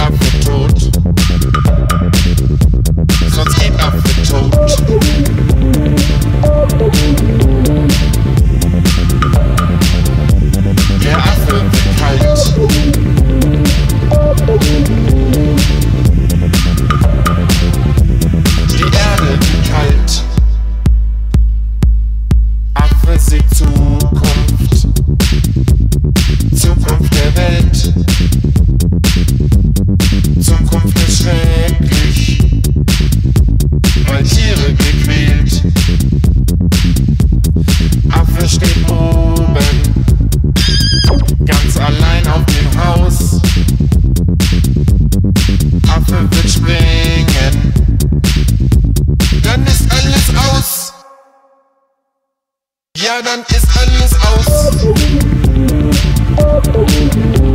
I'm nachts allein auf dem Haus. Affe wird springen, dann ist alles aus. Ja, dann ist alles aus.